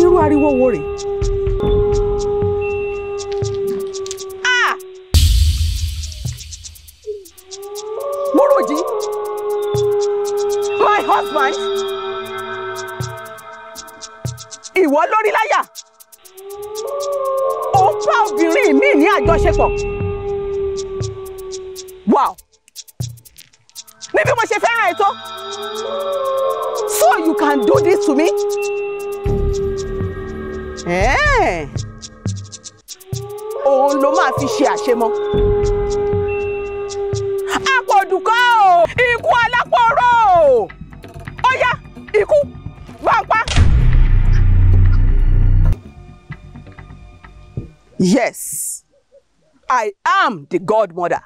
irú ariwo wo rèé. Ah! Muruji, my husband, ìwọ lórí láyà, ó ń bá obìnrin mi ní àjọṣepọ̀. Wow! Níbi mo ṣe fẹ́ràn ẹ̀ tó can do this to me? Eh. Òun ló máa fi ṣe àṣemọ́. Àpọ̀dùkọ́ o! Ikú alápọ̀rọ̀ o! Ó yá ikú gbàǹpá. Yes, I am the godmother.